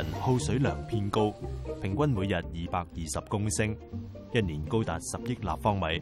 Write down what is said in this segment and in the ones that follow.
人耗水量偏高，平均每日二百二十公升，一年高達十億立方米，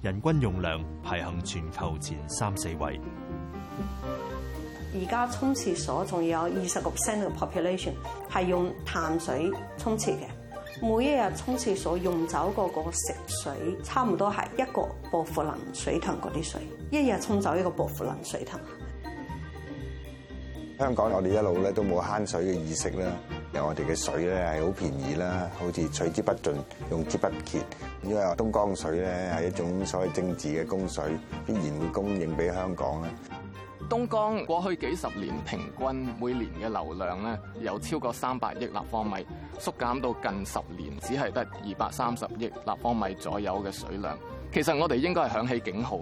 人均用量排行全球前三四位。而家沖廁所仲有二十個 percent 嘅 population 係用淡水沖廁嘅，每一日沖廁所用走嗰個食水，差唔多係一個薄扶林水塘嗰啲水，一日沖走一個薄扶林水塘。香港我哋一路咧都冇慳水嘅意識啦，又我哋嘅水咧係好便宜啦，好似取之不盡，用之不竭。因為東江水咧係一種所謂政治嘅供水，必然會供應俾香港啦。東江過去幾十年平均每年嘅流量咧有超過三百億立方米，縮減到近十年只係得二百三十億立方米左右嘅水量。其實我哋應該係響起警號，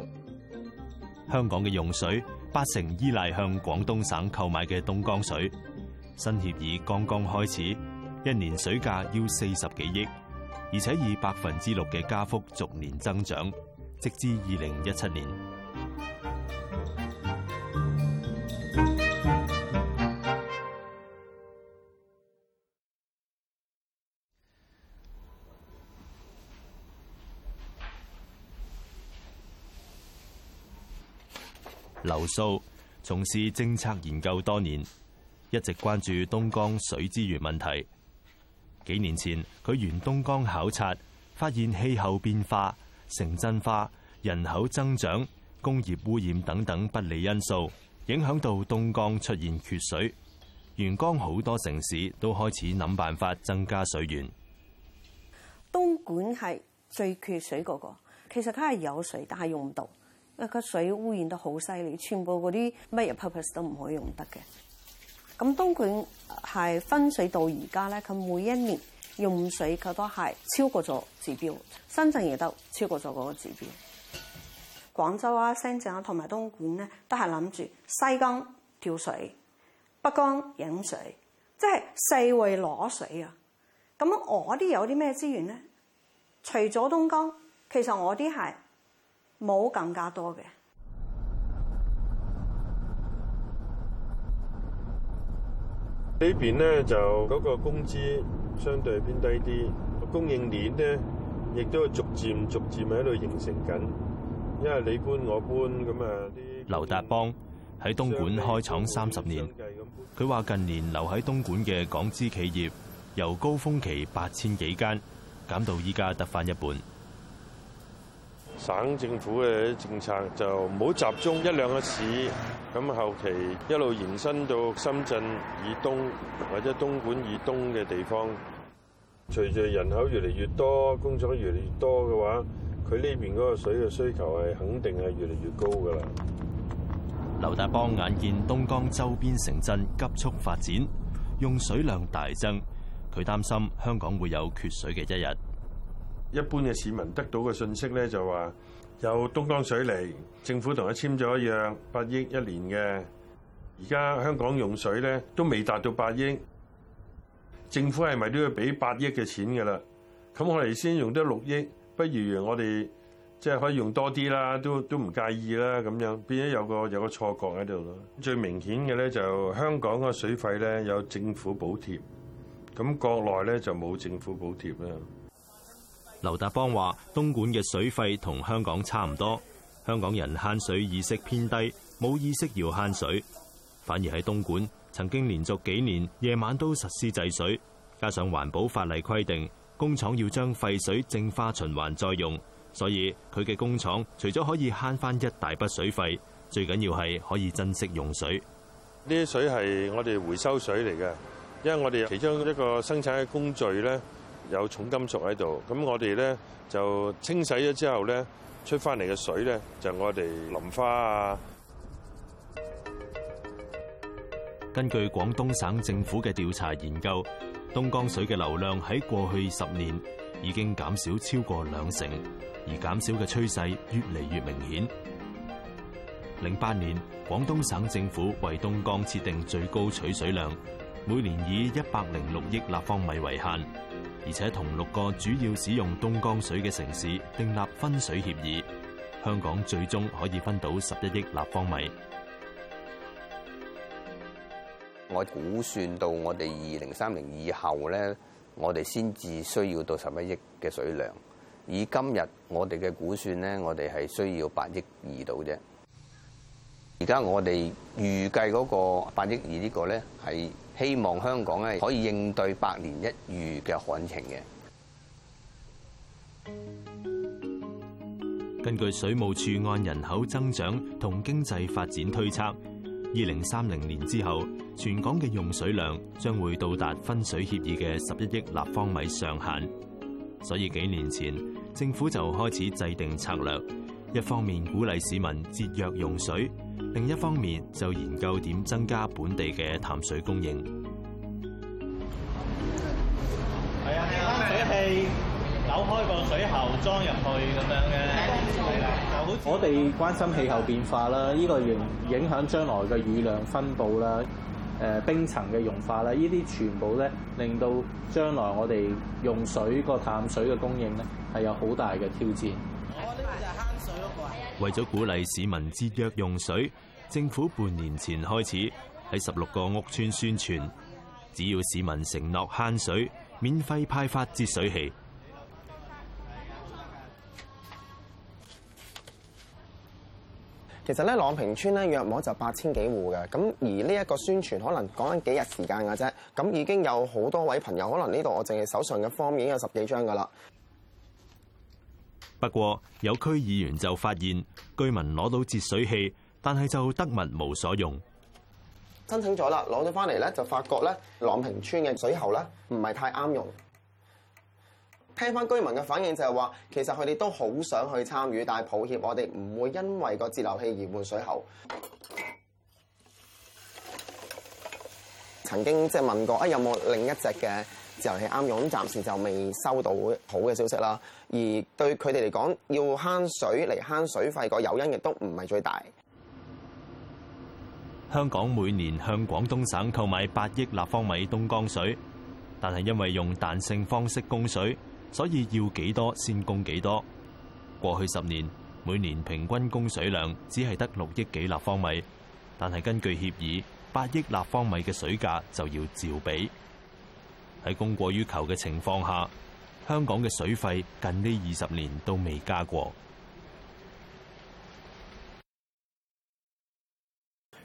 香港嘅用水。八成依賴向廣東省購買嘅東江水，新協議剛剛開始，一年水價要四十幾億，而且以百分之六嘅加幅逐年增長，直至二零一七年。數從事政策研究多年，一直關注東江水資源問題。幾年前，佢沿東江考察，發現氣候變化、城鎮化、人口增長、工業污染等等不利因素，影響到東江出現缺水。沿江好多城市都開始諗辦法增加水源。東莞係最缺水嗰個，其實佢係有水，但係用唔到。乜水污染得好犀利，全部嗰啲乜嘢 purpose 都唔可以用得嘅。咁東莞係分水到而家咧，佢每一年用水佢都係超過咗指標，深圳亦都超過咗嗰個指標。廣州啊、深圳啊同埋東莞咧，都係諗住西江調水、北江引水，即係四圍攞水啊。咁我啲有啲咩資源咧？除咗東江，其實我啲係。冇更加多嘅。呢邊咧，就嗰個工資相對偏低啲，個供應鏈咧亦都逐漸逐漸喺度形成緊，因為你搬我搬咁啊啲。劉達邦喺東莞開廠三十年，佢話近年留喺東莞嘅港資企業由高峰期八千幾間減到依家得返一半。省政府嘅政策就唔好集中一兩個市，咁後期一路延伸到深圳以東或者東莞以東嘅地方。隨住人口越嚟越多，工廠越嚟越多嘅話，佢呢邊個水嘅需求係肯定係越嚟越高噶喇。劉大邦眼見東江周邊城鎮急速發展，用水量大增，佢擔心香港會有缺水嘅一日。一般嘅市民得到嘅信息咧就話有東江水嚟，政府同佢簽咗約八億一年嘅，而家香港用水咧都未達到八億，政府係咪都要俾八億嘅錢噶啦？咁我哋先用得六億，不如我哋即係可以用多啲啦，都都唔介意啦咁樣，變咗有個有個錯覺喺度咯。最明顯嘅咧就是香港嘅水費咧有政府補貼，咁國內咧就冇政府補貼啦。劉達邦話，東莞嘅水費同香港差唔多，香港人慳水意識偏低，冇意識要慳水，反而喺東莞，曾經連續幾年夜晚都實施制水，加上環保法例規定，工廠要將廢水淨化循環再用，所以佢嘅工廠除咗可以慳翻一大筆水費，最緊要係可以珍惜用水。呢啲水係我哋回收水嚟嘅，因為我哋其中一個生產嘅工序咧。有重金屬喺度，咁我哋咧就清洗咗之後咧，出翻嚟嘅水咧就我哋淋花啊。根據廣東省政府嘅調查研究，東江水嘅流量喺過去十年已經減少超過兩成，而減少嘅趨勢越嚟越明顯。零八年，廣東省政府為東江設定最高取水量。每年以一百零六億立方米為限，而且同六個主要使用東江水嘅城市訂立分水協議。香港最終可以分到十一億立方米。我估算到我哋二零三零以後咧，我哋先至需要到十一億嘅水量。以今日我哋嘅估算咧，我哋係需要八億二度啫。而家我哋預計嗰個八億二呢個咧係。希望香港咧可以應對百年一遇嘅旱情嘅。根據水務署按人口增長同經濟發展推測，二零三零年之後，全港嘅用水量將會到達分水協議嘅十一億立方米上限。所以幾年前政府就開始制定策略，一方面鼓勵市民節約用水。另一方面就研究點增加本地嘅淡水供應。係啊，係啊，水係扭開個水喉裝入去咁樣嘅。我哋關心氣候變化啦，呢、呢個影影響將來嘅雨量分布啦，誒冰層嘅融化啦，呢啲全部咧令到將來我哋用水個淡水嘅供應咧係有好大嘅挑戰。我呢為咗鼓勵市民節約用水，政府半年前開始喺十六個屋邨宣傳，只要市民承諾慳水，免費派發節水器。其實咧，朗屏邨咧約莫就八千幾戶嘅，咁而呢一個宣傳可能講緊幾日時間嘅啫，咁已經有好多位朋友，可能呢度我淨係手上嘅方面已經有十幾張噶啦。不過有區議員就發現，居民攞到節水器，但係就得物無所用。申請咗啦，攞咗翻嚟咧，就發覺咧，朗屏村嘅水喉咧唔係太啱用。聽翻居民嘅反應就係話，其實佢哋都好想去參與，但係抱歉，我哋唔會因為個節流器而換水喉。曾經即係問過，哎、有冇另一隻嘅？自由氣啱用，暫時就未收到好嘅消息啦。而對佢哋嚟講，要慳水嚟慳水費個誘因亦都唔係最大。香港每年向廣東省購買八億立方米東江水，但係因為用彈性方式供水，所以要幾多先供幾多。過去十年每年平均供水量只係得六億幾立方米，但係根據協議，八億立方米嘅水價就要照俾。喺供過於求嘅情況下，香港嘅水費近呢二十年都未加過。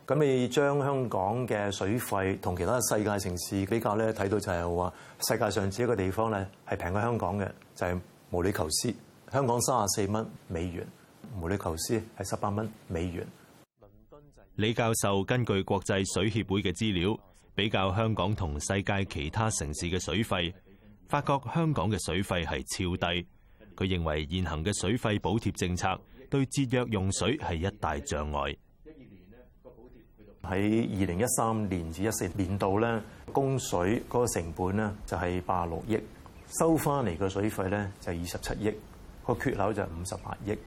咁你將香港嘅水費同其他世界城市比較咧，睇到就係話世界上只一個地方咧係平過香港嘅，就係毛里求斯。香港三十四蚊美元，毛里求斯係十八蚊美元。李教授根據國際水協會嘅資料。比較香港同世界其他城市嘅水費，發覺香港嘅水費係超低。佢認為現行嘅水費補貼政策對節約用水係一大障礙。喺二零一三年至一四年度咧，供水嗰個成本咧就係八六億，收翻嚟嘅水費咧就係二十七億，個缺口就係五十八億。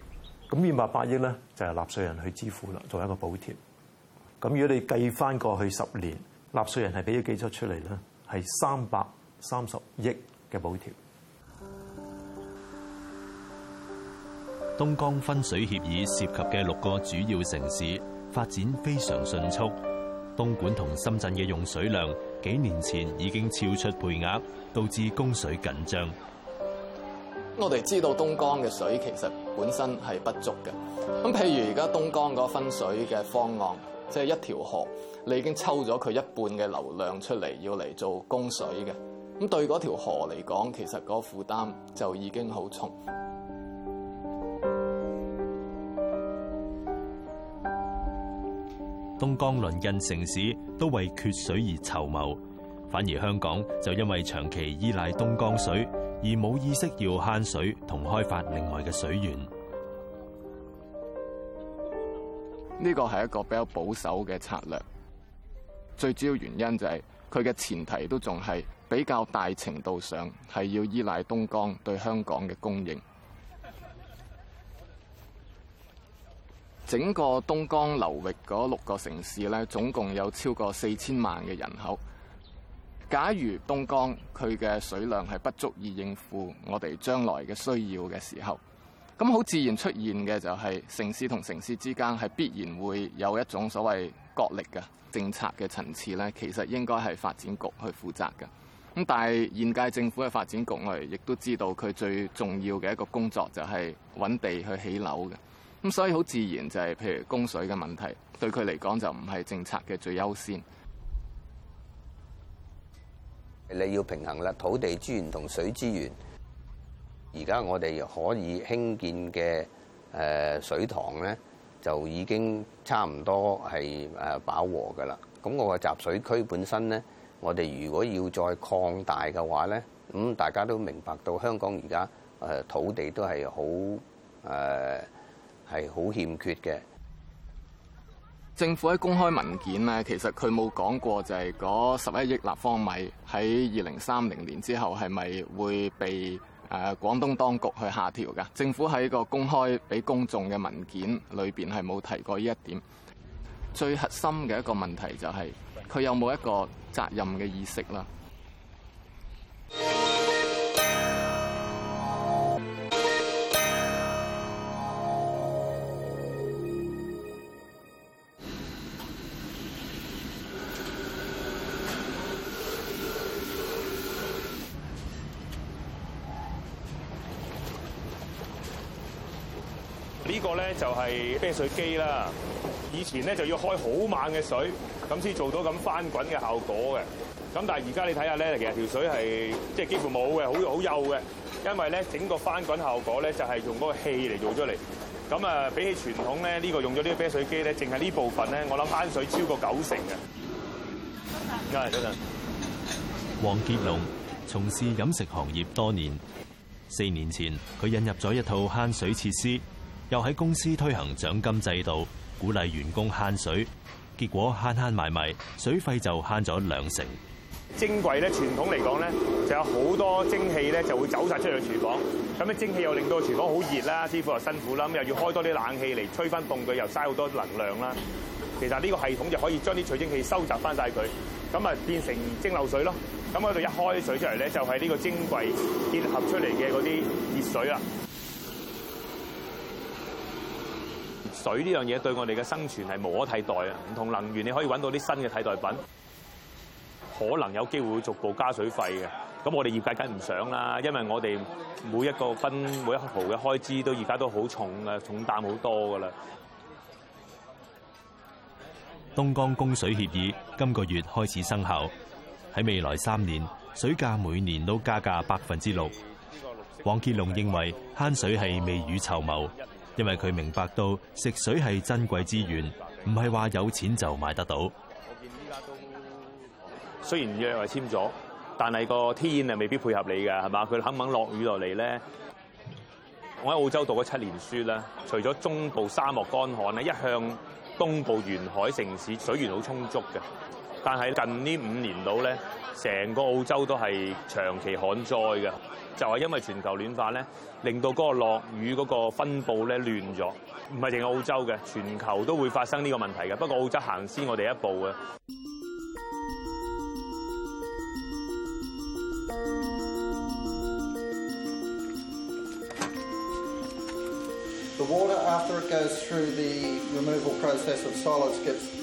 咁二百八億咧就係納稅人去支付啦，作為一個補貼。咁如果你計翻過去十年。納稅人係俾咗幾多出嚟咧？係三百三十億嘅補貼。東江分水協議涉及嘅六個主要城市發展非常迅速，東莞同深圳嘅用水量幾年前已經超出配額，導致供水緊張。我哋知道東江嘅水其實本身係不足嘅。咁譬如而家東江嗰分水嘅方案。即係一條河，你已經抽咗佢一半嘅流量出嚟，要嚟做供水嘅。咁對嗰條河嚟講，其實個負擔就已經好重。東江鄰近城市都為缺水而籌謀，反而香港就因為長期依賴東江水，而冇意識要慳水同開發另外嘅水源。呢個係一個比較保守嘅策略，最主要原因就係佢嘅前提都仲係比較大程度上係要依賴東江對香港嘅供應。整個東江流域嗰六個城市咧，總共有超過四千萬嘅人口。假如東江佢嘅水量係不足以應付我哋將來嘅需要嘅時候，咁好自然出現嘅就係城市同城市之間係必然會有一種所謂角力嘅政策嘅層次咧，其實應該係發展局去負責嘅。咁但係現屆政府嘅發展局，我哋亦都知道佢最重要嘅一個工作就係揾地去起樓嘅。咁所以好自然就係譬如供水嘅問題，對佢嚟講就唔係政策嘅最優先。你要平衡啦，土地資源同水資源。而家我哋可以興建嘅誒水塘咧，就已經差唔多係誒飽和噶啦，咁我個集水區本身咧，我哋如果要再擴大嘅話咧，咁大家都明白到香港而家誒土地都係好誒係好欠缺嘅。政府喺公開文件咧，其實佢冇講過就係嗰十一億立方米喺二零三零年之後係咪會被誒，廣東當局去下調㗎。政府喺個公開俾公眾嘅文件裏邊，係冇提過呢一點。最核心嘅一個問題就係，佢有冇一個責任嘅意識啦。個咧就係啤水機啦。以前咧就要開好猛嘅水，咁先做到咁翻滾嘅效果嘅。咁但係而家你睇下咧，其實條水係即係幾乎冇嘅，好好幼嘅。因為咧整個翻滾效果咧就係用嗰個氣嚟做出嚟。咁啊，比起傳統咧，呢個用咗呢個啤水機咧，淨係呢部分咧，我諗慳水超過九成嘅。啊，等陣。黃傑龍從事飲食行業多年，四年前佢引入咗一套慳水設施。又喺公司推行獎金制度，鼓勵員工慳水，結果慳慳埋埋，水費就慳咗兩成。蒸櫃咧，傳統嚟講咧，就有好多蒸氣咧，就會走晒出去廚房。咁咧蒸氣又令到廚房好熱啦，師傅又辛苦啦，又要開多啲冷氣嚟吹翻凍佢，又嘥好多能量啦。其實呢個系統就可以將啲取蒸氣收集翻晒佢，咁啊變成蒸餾水咯。咁我度一開水出嚟咧，就係、是、呢個蒸櫃結合出嚟嘅嗰啲熱水啊。水呢樣嘢對我哋嘅生存係無可替代啊！唔同能源你可以揾到啲新嘅替代品，可能有機會逐步加水費嘅。咁我哋業界梗唔想啦，因為我哋每一個分每一毫嘅開支都而家都好重嘅，重擔好多㗎啦。東江供水協議今個月開始生效，喺未來三年水價每年都加價百分之六。黃建龍認為慳水係未雨綢繆。因為佢明白到食水係珍貴資源，唔係話有錢就買得到。我見依家都雖然約埋簽咗，但係個天啊未必配合你嘅係嘛？佢肯唔肯落雨落嚟咧？我喺澳洲讀咗七年書啦，除咗中部沙漠乾旱咧，一向東部沿海城市水源好充足嘅。但係近呢五年度咧，成個澳洲都係長期旱災嘅，就係因為全球暖化咧，令到嗰個落雨嗰個分佈咧亂咗。唔係淨係澳洲嘅，全球都會發生呢個問題嘅。不過澳洲行先我哋一步嘅。The water after it goes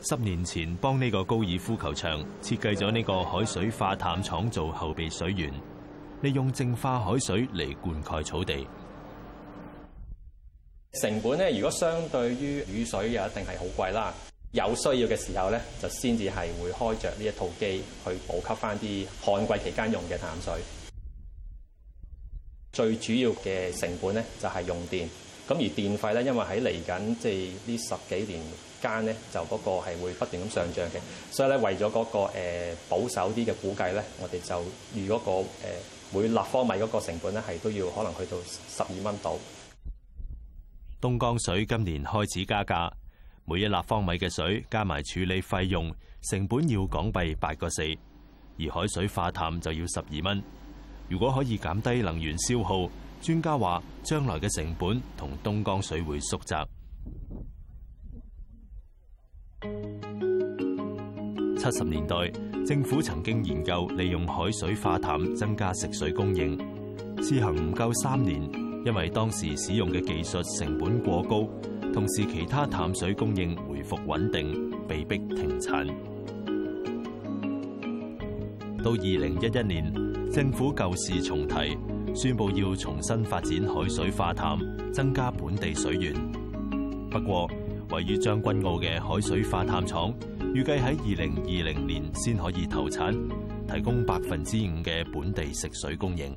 十年前幫呢個高爾夫球場設計咗呢個海水化淡廠做後備水源，利用淨化海水嚟灌溉草地。成本咧，如果相對於雨水又一定係好貴啦。有需要嘅時候咧，就先至係會開着呢一套機去補給翻啲旱季期間用嘅淡水。最主要嘅成本咧，就係用電。咁而電費咧，因為喺嚟緊即係呢十幾年間咧，就嗰個係會不斷咁上漲嘅，所以咧為咗嗰個誒保守啲嘅估計咧，我哋就預嗰個誒每立方米嗰個成本咧係都要可能去到十二蚊度。東江水今年開始加價，每一立方米嘅水加埋處理費用，成本要港幣八個四，而海水化淡就要十二蚊。如果可以減低能源消耗。專家話：將來嘅成本同東江水會縮窄。七十年代政府曾經研究利用海水化淡增加食水供應，試行唔夠三年，因為當時使用嘅技術成本過高，同時其他淡水供應回復穩定，被迫停產。到二零一一年，政府舊事重提。宣布要重新發展海水化淡，增加本地水源。不過，位於將軍澳嘅海水化淡廠預計喺二零二零年先可以投產，提供百分之五嘅本地食水供應。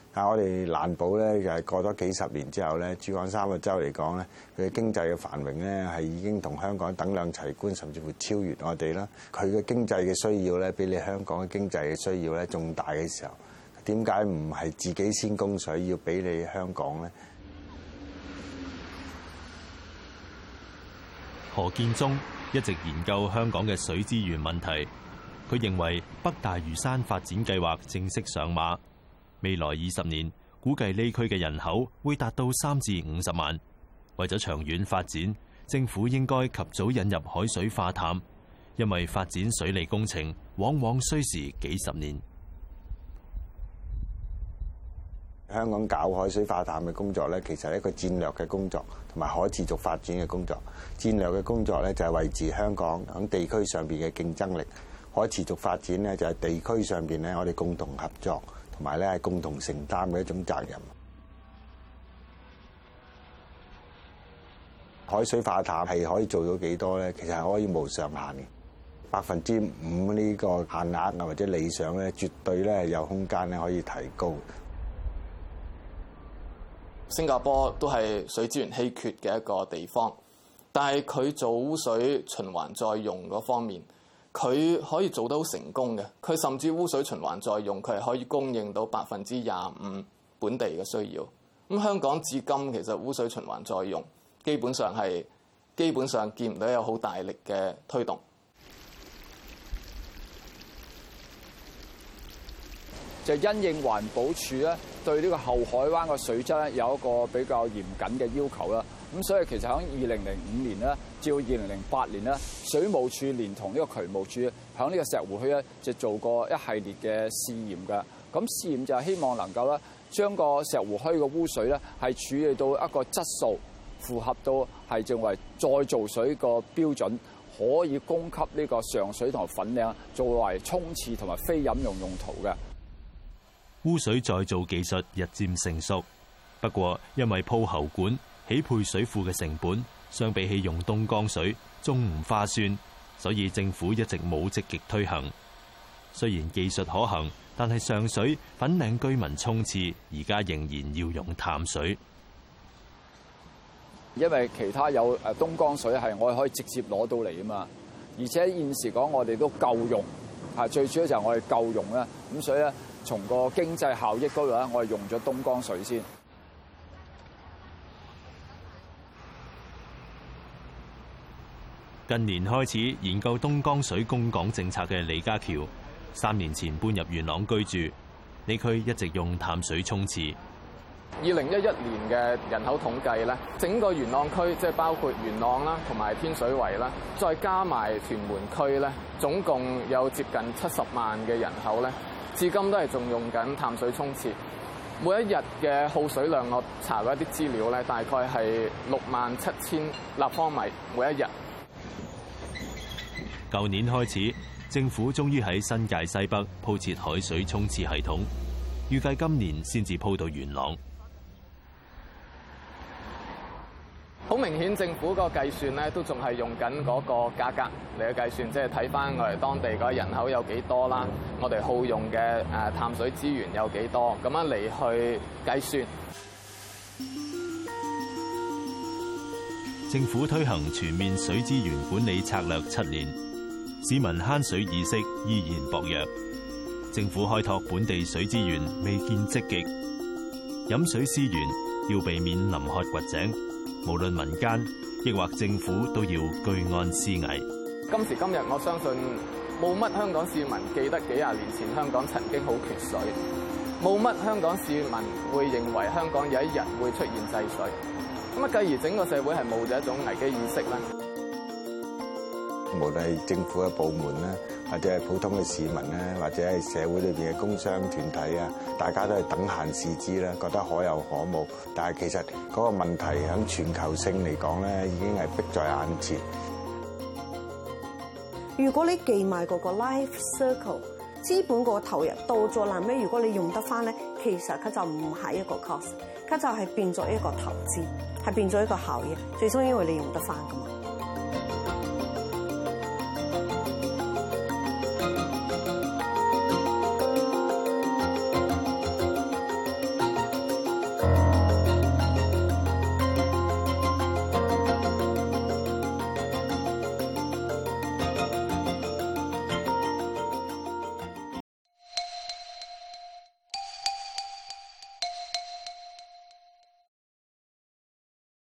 啊！我哋難保咧，就係過咗幾十年之後咧，珠江三角洲嚟講咧，佢經濟嘅繁榮咧，係已經同香港等量齊觀，甚至乎超越我哋啦。佢嘅經濟嘅需要咧，比你香港嘅經濟嘅需要咧仲大嘅時候，點解唔係自己先供水要俾你香港咧？何建宗一直研究香港嘅水資源問題，佢認為北大嶼山發展計劃正式上馬。未來二十年估計呢區嘅人口會達到三至五十萬。為咗長遠發展，政府應該及早引入海水化淡，因為發展水利工程往往需時幾十年。香港搞海水化淡嘅工作咧，其實係一個戰略嘅工作，同埋可持續發展嘅工作。戰略嘅工作咧就係維持香港響地區上邊嘅競爭力，可持續發展呢，就係地區上邊咧，我哋共同合作。同埋咧，共同承擔嘅一種責任。海水化淡係可以做到幾多咧？其實係可以無上限嘅，百分之五呢個限額啊，或者理想咧，絕對咧有空間咧可以提高。新加坡都係水資源稀缺嘅一個地方，但係佢做污水循環再用嗰方面。佢可以做得好成功嘅，佢甚至污水循環再用，佢係可以供應到百分之廿五本地嘅需要。咁香港至今其實污水循環再用，基本上係基本上見唔到有好大力嘅推動，就因應環保署咧對呢個後海灣嘅水質咧有一個比較嚴謹嘅要求啦。咁所以其實響二零零五年咧，照二零零八年咧，水務署連同呢個渠務處響呢個石湖墟咧就做過一系列嘅試驗嘅。咁試驗就係希望能夠咧將個石湖墟嘅污水咧係處理到一個質素符合到係認為再造水個標準，可以供給呢個上水同埋粉嶺作為沖廁同埋非飲用用途嘅污水再造技術日漸成熟。不過因為鋪喉管。起配水庫嘅成本相比起用東江水仲唔划算，所以政府一直冇積極推行。雖然技術可行，但係上水粉嶺居民沖廁而家仍然要用淡水，因為其他有誒，東江水係我哋可以直接攞到嚟啊嘛，而且現時講我哋都夠用啊，最主要就係我哋夠用啦。咁所以咧，從個經濟效益嗰度咧，我哋用咗東江水先。近年開始研究東江水供港政策嘅李家橋，三年前搬入元朗居住，呢區一直用淡水沖廁。二零一一年嘅人口統計呢，整個元朗區即係包括元朗啦，同埋天水圍啦，再加埋屯門區呢，總共有接近七十萬嘅人口呢，至今都係仲用緊淡水沖廁。每一日嘅耗水量，我查過一啲資料呢，大概係六萬七千立方米每一日。舊年開始，政府終於喺新界西北鋪設海水沖廁系統，預計今年先至鋪到元朗。好明顯，政府個計算呢都仲係用緊嗰個價格嚟去計算，即係睇返我哋當地個人口有幾多啦，我哋耗用嘅誒淡水資源有幾多，咁樣嚟去計算。政府推行全面水資源管理策略七年。市民慳水意識依然薄弱，政府開拓本地水資源未見積極。飲水思源，要避免臨渴掘井。無論民間亦或政府，都要居安思危。今時今日，我相信冇乜香港市民記得幾廿年前香港曾經好缺水，冇乜香港市民會認為香港有一日會出現制水。咁啊，繼而整個社會係冇咗一種危機意識啦。無論係政府嘅部門咧，或者係普通嘅市民咧，或者係社會裏面嘅工商團體啊，大家都係等閒視之啦，覺得可有可無。但係其實嗰個問題響全球性嚟講咧，已經係迫在眼前。如果你記埋嗰個 life circle 資本嗰個投入到咗，爛尾，如果你用得翻咧，其實佢就唔係一個 cost，佢就係變咗一個投資，係變咗一個效益。最終因為你用得翻噶嘛。